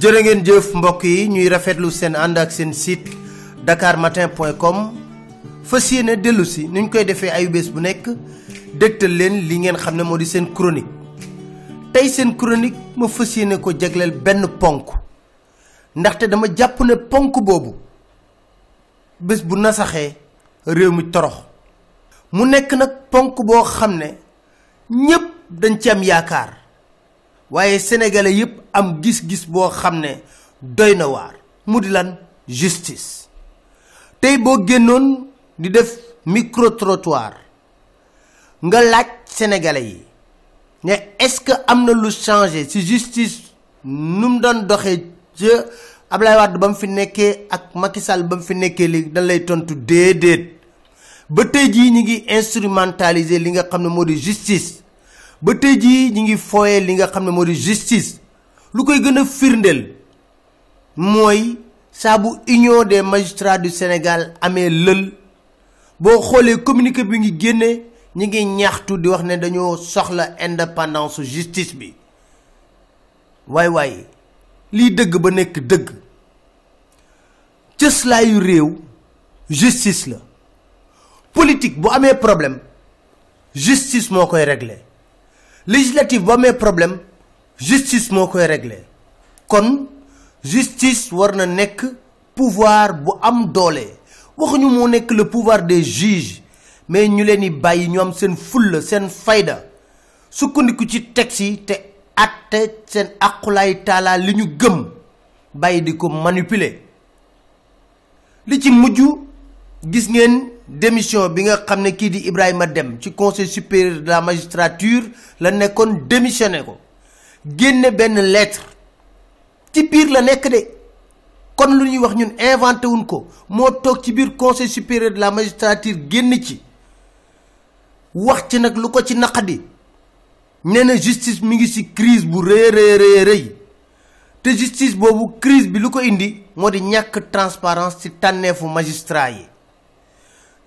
jërë ngeen jëf mbokk yi ñuy rafetlu seen ànd ak seen site dakarmatin.com fas yéene dellu si ni ñu koy defee ayu bés bu nekk dégtal leen li ngeen xam ne moo di seen chronique tey seen chronique ma fas yéene ko jegleel benn ponk ndaxte dama jàpp ne ponk boobu bés bu nasaxee réew mi torox mu nekk nag ponk boo xam ne ñépp dañ ci am yaakaar waaye sénégalais yépp am gis-gis boo xam ne doy na waar mu di lan justice tey boo génnoon di def micro nga laaj sénégalais yi ne est-ce que am na lu changé ci justice nu mu doon doxee ca Ablaye Wade ba mu fi nekkee ak Macky Sall ba mu fi nekkee léegi dañ lay tontu déedéet ba tey jii ñu ngi instrumentaliser li nga xam ne moo di justice ba tey jii ñu ngi fooyee li nga xam ne moo di justice lu koy Firndel, a sabu, mooy saa bu union des magistrats du Sénégal amee lël boo xoolee communiqué bi ngi génnee ñi ngi ñaxtu di wax ne dañoo soxla indépendance justice bi waay waay lii dëgg ba nekk dëgg yu réew justice la politique bu amee problème justice moo koy régler législative bu amee problème justice moo koy régler justice war na pouvoir bu am le pouvoir des juges mais ñu leen di bàyyi ñu am seen fulla seen ci texte te atte seen aqulaay li ñu gëm bàyyi di manipuler li ci mujj gis ngeen démission bi nga xam di conseil supérieur de la magistrature la démissionné génne benn lettre ci biir la nekk de kon lu ñuy wax ñun inventé wuñ ko moo toog ci biir conseil supérieur de la magistrature génn ci wax ci nag lu ko ci naqadi nee na justice mi ngi ci crise bu rëy rëy rëy te justice boobu crise bi lu ko indi moo di ñàkk transparence ci tànneefu magistrat yi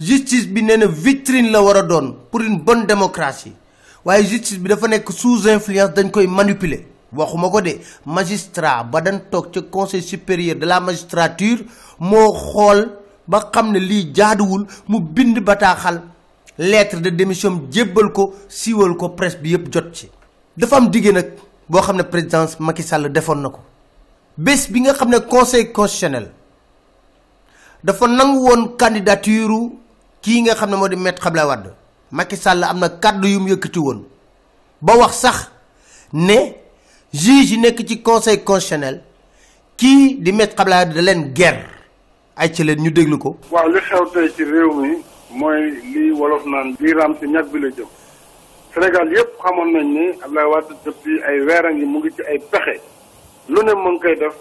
justice bi nee na vitrine la war a doon pour une bonne démocratie waaye justice bi dafa sous influence dañ koy manipuler waxuma de magistrat ba dañ toog conseil supérieur de la magistrature moo xool ba xam ne lii jaaduwul mu bind bataaxal lettre de démission jébbal ko siiwal ko presse bi yépp jot ci. dafa am présidence Macky Sall na bés bi nga conseil constitutionnel dafa nangu woon candidature qui nga xam ne moo di Maître Macky Sall am na kàddu yu mu yëkkati woon ba wax sax ne juge yi nekk ci conseil constitutionnel kii di Maître Abdoulaye da leen guerre ay ci leen ñu déglu ko. waaw li xew tey ci réew mi mooy lii wolof naan lii raam ci ñag bi la jëm Sénégal yëpp xamoon nañ ni Abdoulaye Wade depuis ay weer a ngi mu ngi ci ay pexe lu ne mën koy def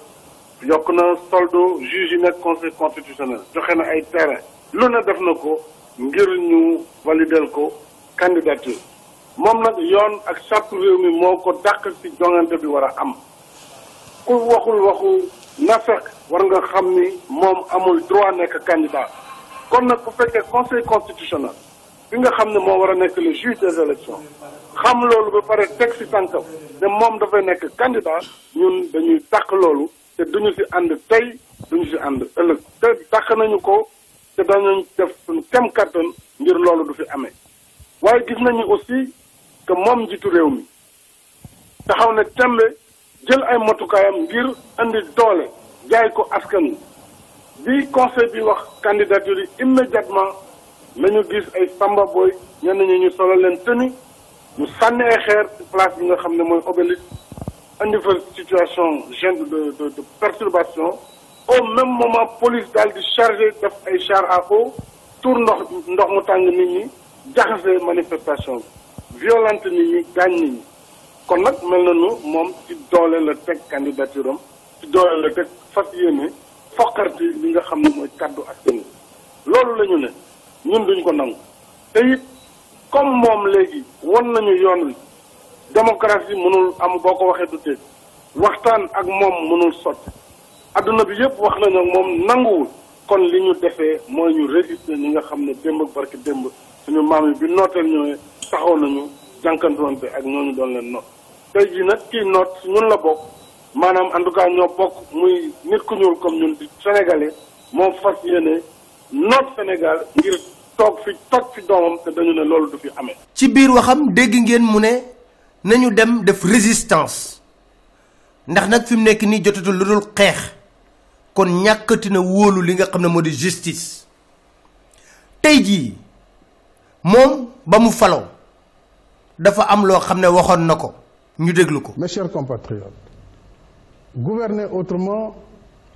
yokk na soldo juge yi nekk conseil constitutionnel joxe na ay terrain lu ne def na ko. ngir ñu validel ko candidature moom nag yoon ak sàrtu réew mi moo ko dàq ci jongante bi war a am ku waxul waxu nafeq war nga xam ni moom amul droit nekk candidat kon nag ku fekkee conseil constitutionnel bi nga xam ne moo war a nekk le juge des élections xam loolu ba pare teg ci tànkam ne moom dafay nekk candidat ñun dañuy dàq loolu te duñu ci ànd tey duñu ci ànd ëllëg te dàq nañu ko dans une def suñ nous du fi amé gis aussi que moom njiitu réew taxaw na temb jël ay motukaayam ngir un doole askan conseil candidature immédiatement nañu gis ay samba boy. ñenn en ñu solo leen Nous un place obélisque situation de de perturbation au même moment police daal di chargé def ay char à eau tour ndox ndox mu tàng nit ñi jaxase manifestation bi violente nit ñi gaañ nit ñi kon nag mel na ñu moom ci doole la teg candidature am ci doole la teg fas yéene foqarti li nga xam ne mooy kàddu ak wi loolu lañu ne ñun duñ ko nangu te it comme moom léegi won nañu yoon wi démocratie mënul am boo ko waxee du tee waxtaan ak moom mënul sot aduna bi yëpp wax nañu moom nanguwul kon li ñu defee mooy ñu résister ñi nga xam ne démb ak barki démb suñu maam yi bi nooteel ñooy taxaw nañu jànkantoonte ak ñooñu doon leen noot tey jii nag kii noot ñun la bokk maanaam en tout cas ñoo bokk muy nit ku ñuul comme ñun di sénégalais moom fas yéene noot Sénégal ngir toog fi toog fi doomam te dañu ne loolu du fi amee. ci biir waxam dégg ngeen mu ne nañu dem def résistance ndax nag fi mu nekk nii jotatul lu dul xeex kon ñàkkati na li justice ba mu dafa am mes chers compatriotes gouverner autrement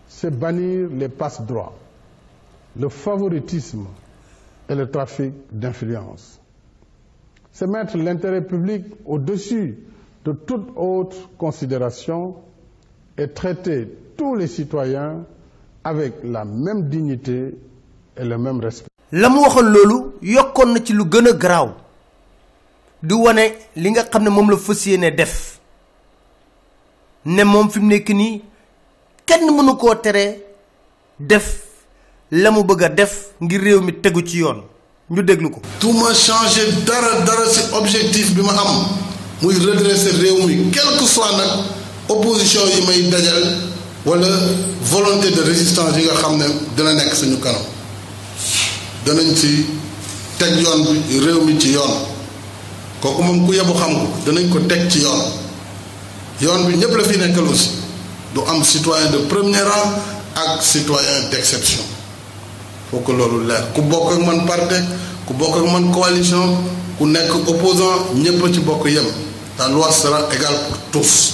c'est bannir les passe-droits le favoritisme et le trafic d'influence c'est mettre l'intérêt public au-dessus de toute autre considération et traiter tous les citoyens avec la même dignité et le même respect. la mu lolou loolu na ci lu gëna graw du wone li nga xamne mom la fas def ne mom fim nek ni kenn mënu ko téré def lamu bëgg def ngir réew mi tegu ci yoon ñu déglu ko. tout ma changer dara dara ci objectif bi ma am muy redresser réew mi quel que soit nak opposition yi may dajal la volonté de résistance de nga xam ne suñu kanam danañ ci bi ci ku xam ko danañ ko la citoyen de premier rang ak citoyen d'exception faut que loolu ku bokk ak man ku coalition ku nekk opposant ci la loi sera égale pour tous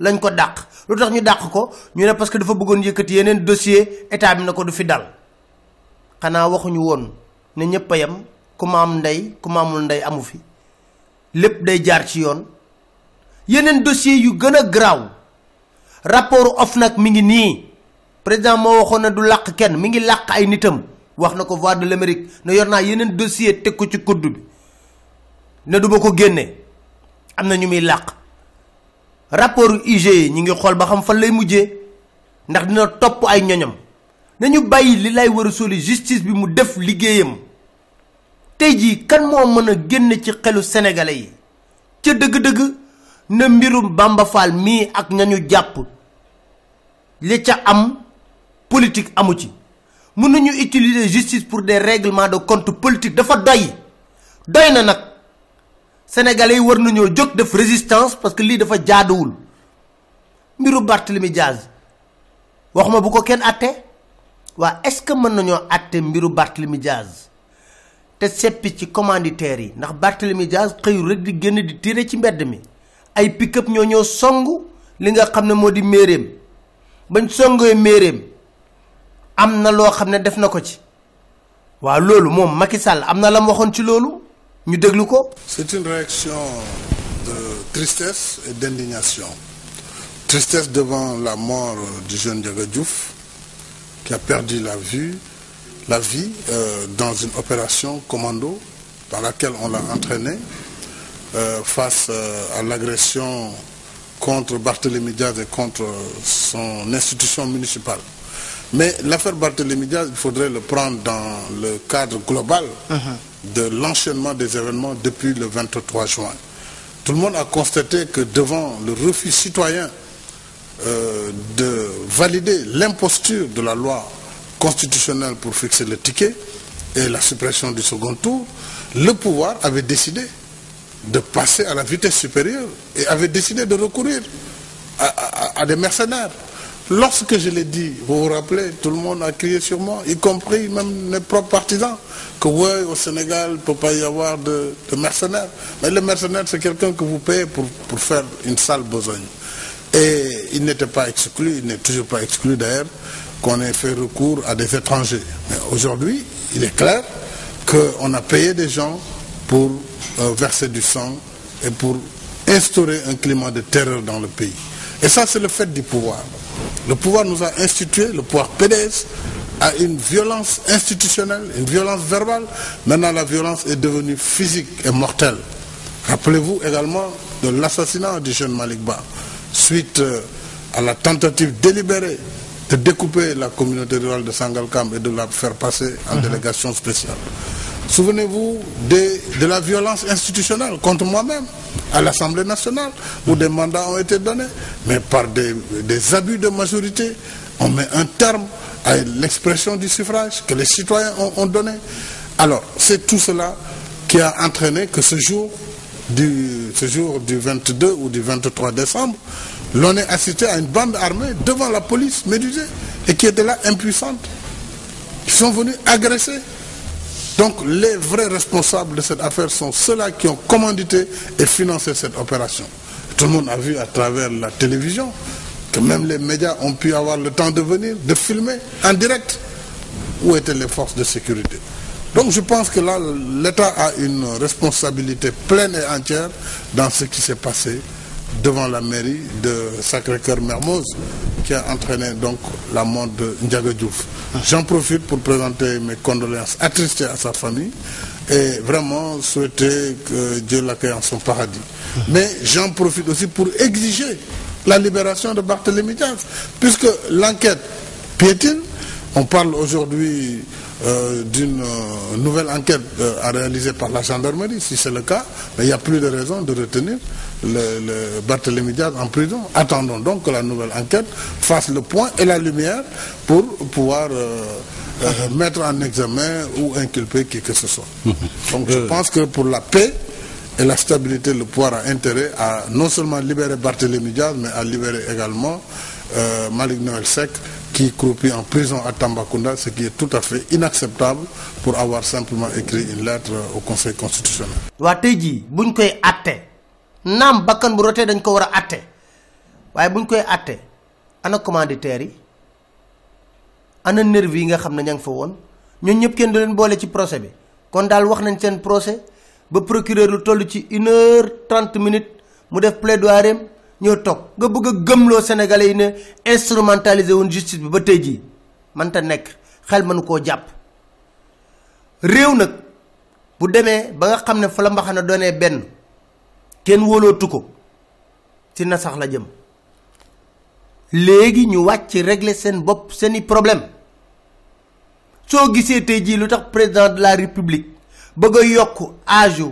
lañ ko dàq lu tax ñu dàq ko ñu ne parce que dafa bëggoon yëkkati yeneen dossier état bi na ko du fi dal xanaa waxuñu woon ne ñëpp yem ku ma am ndey ku ma amul ndey amu fi lépp day jaar ci yoon yeneen dossier yu gën a garaaw rapport nag mi ngi nii président moo waxoon na du làq kenn mi ngi làq ay nitam wax na ko voix de l'Amérique ne yoon naa yeneen dossier teg ko ci kudd bi ne duma ko génne am na ñu muy làq rapport yi ñu ngi xool ba xam fan lay mujjee ndax dina topp ay ñoñam nañu bàyyi li lay war a soli justice bi mu def liggéeyam tey jii kan moo mën a génn ci xelu sénégalais yi ca dëgg-dëgg na mbirum Bamba mii ak ñañu jàpp li ca am politique amu ci mën nañu utiliser justice pour des règlements de compte politique dafa doy doy na nag sénégalais yi war nañoo jóg def résistance parce que lii dafa jaaduwul mbiru Barthélemy Diaz wax ma bu ko kenn atte waa est-ce que mën nañoo atte mbiru Barthélemy Diaz te seppi ci commanditaires yi ndax Barthélemy Diaz xëyul rek di génn di tire ci mbedd mi ay pick ñoo ñoo song li nga xam ne moo di méeréem bañ songoy méeréem am na loo xam ne def na ko ci waaw loolu moom Macky Sall am na la mu waxoon ci loolu c'est une réaction de tristesse et d'indignation tristesse devant la mort du jeune Diagadouf, qui a perdu la vue la vie euh, dans une opération commando par laquelle on l'a entraîné euh, face euh, à l'agression contre Barthélémy Diaz et contre son institution municipale. Mais l'affaire Barthélémy Diaz, il faudrait le prendre dans le cadre global. Uh-huh de l'enchaînement des événements depuis le 23 juin. Tout le monde a constaté que devant le refus citoyen euh, de valider l'imposture de la loi constitutionnelle pour fixer le ticket et la suppression du second tour, le pouvoir avait décidé de passer à la vitesse supérieure et avait décidé de recourir à des mercenaires. Lorsque je l'ai dit, vous vous rappelez, tout le monde a crié sur moi, y compris même mes propres partisans, que oui, au Sénégal, il ne peut pas y avoir de, mercenaires. Mais le mercenaire, c'est quelqu'un que vous payez pour, faire une sale besogne. Et il n'était pas exclu, il n'est toujours pas exclu d'ailleurs, qu'on ait fait recours à des étrangers. Mais aujourd'hui, il est clair qu'on a payé des gens pour euh, verser du sang et pour instaurer un climat de terreur dans le pays. Et ça, c'est le fait du pouvoir. Le pouvoir nous a institué, le pouvoir PDS, à une violence institutionnelle, une violence verbale. Maintenant, la violence est devenue physique et mortelle. Rappelez-vous également de l'assassinat du jeune Malik suite euh, à la tentative délibérée de découper la communauté rurale de Sangalkam et de la faire passer en mhm. délégation spéciale. Souvenez-vous de, la violence institutionnelle contre moi-même à l'Assemblée nationale où des mandats ont été donnés. Mais par des, abus de majorité, on met un terme à l'expression du suffrage que les citoyens ont, donné. Alors, c'est tout cela qui a entraîné que ce jour du, ce jour du 22 ou du 23 décembre, l'on est assisté à une bande armée devant la police médusée et qui était là impuissante. Ils sont venus agresser donc les vrais responsables de cette affaire sont ceux-là qui ont commandité et financé cette opération. Tout le monde a vu à travers la télévision que même les médias ont pu avoir le temps de venir, de filmer en direct. Où étaient les forces de sécurité Donc je pense que là, l'État a une responsabilité pleine et entière dans ce qui s'est passé devant la mairie de Sacré-Cœur Mermoz qui a entraîné donc la mort de Ndiaga J'en profite pour présenter mes condoléances attristées à sa famille et vraiment souhaiter que Dieu l'accueille en son paradis. Mais j'en profite aussi pour exiger la libération de Barthélémy Diaz puisque l'enquête piétine. On parle aujourd'hui euh, d'une euh, nouvelle enquête euh, à réaliser par la gendarmerie. Si c'est le cas, mais il n'y a plus de raison de retenir le, le Barthélémy Diaz en prison. Attendons donc que la nouvelle enquête fasse le point et la lumière pour pouvoir... mettre en examen ou inculper qui que ce soit. Donc je pense que pour la paix, et la stabilité, le pouvoir a intérêt à non seulement libérer Barthélémy Diaz, mais à libérer également euh, Malik Noël Sec qui croupit en prison à Tambacounda, ce qui est tout à fait inacceptable pour avoir simplement écrit une lettre au Conseil constitutionnel. waa tey buñ koy atte nam bakkan bu rotee dañ ko wara a atte waaye buñ koy atte ana commanditaire, ana nervi nga xamna ñang fa won ñun ñep kenn du leen bolé ci procès bi kon dal wax nañ sen procès ba procureur lu tollu ci 1h30 minutes mu def plaidoirie ñoo toog nga bëgg a gëmloo sénégalais yi ne instrumentalisé woon justice bi ba tey jii man ta nekk xel mënu koo jàpp réew nag bu demee ba nga xam ne fa la mbaxana doonee benn kenn wóolootu ko ci nasax la jëm léegi ñu wàcc régler seen bopp seeni problème soo gisee tey jii lu tax président de la république bëgg a yokk âge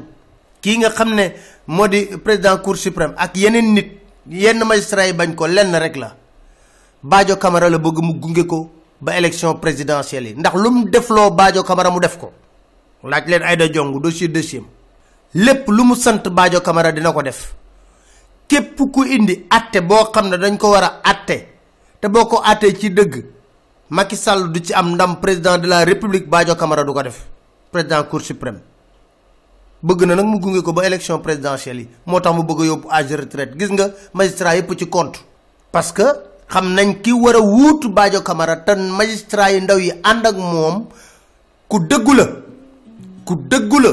kii nga xam ne moo di président cour suprême ak yeneen nit yenn magistrat yi bañ ko lenn rek la baajo Camara la bëgg mu gunge ko ba élection présidentielle yi ndax lu mu defloo baajo kamara mu def ko laaj leen Aïda Ndiongue dossier deuxième lépp lu mu sant baajo Camara dina ko def képp ku indi atte boo xam ne dañ ko war a atte te boo ko attee ci dëgg Macky Sall du ci am ndam président de la république baajo Camara du ko def président cour suprême bëgg na nag mu gunge ko ba élection présidentielle yi moo tax mu bëgg a yóbbu âge retraite gis nga magistrat yëpp ci compte parce que xam nañ ki war a wuutu Badio Camara te magistrat yi ndaw yi ànd ak moom ku dëggu la ku dëggu la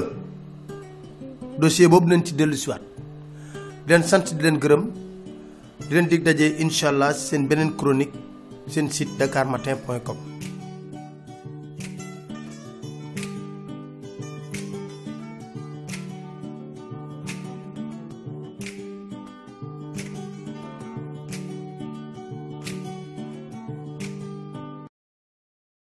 dossier boobu nañ ci dellu siwaat di sant di leen gërëm di leen dig daje incha allah seen beneen chronique seen site dakarmatin point com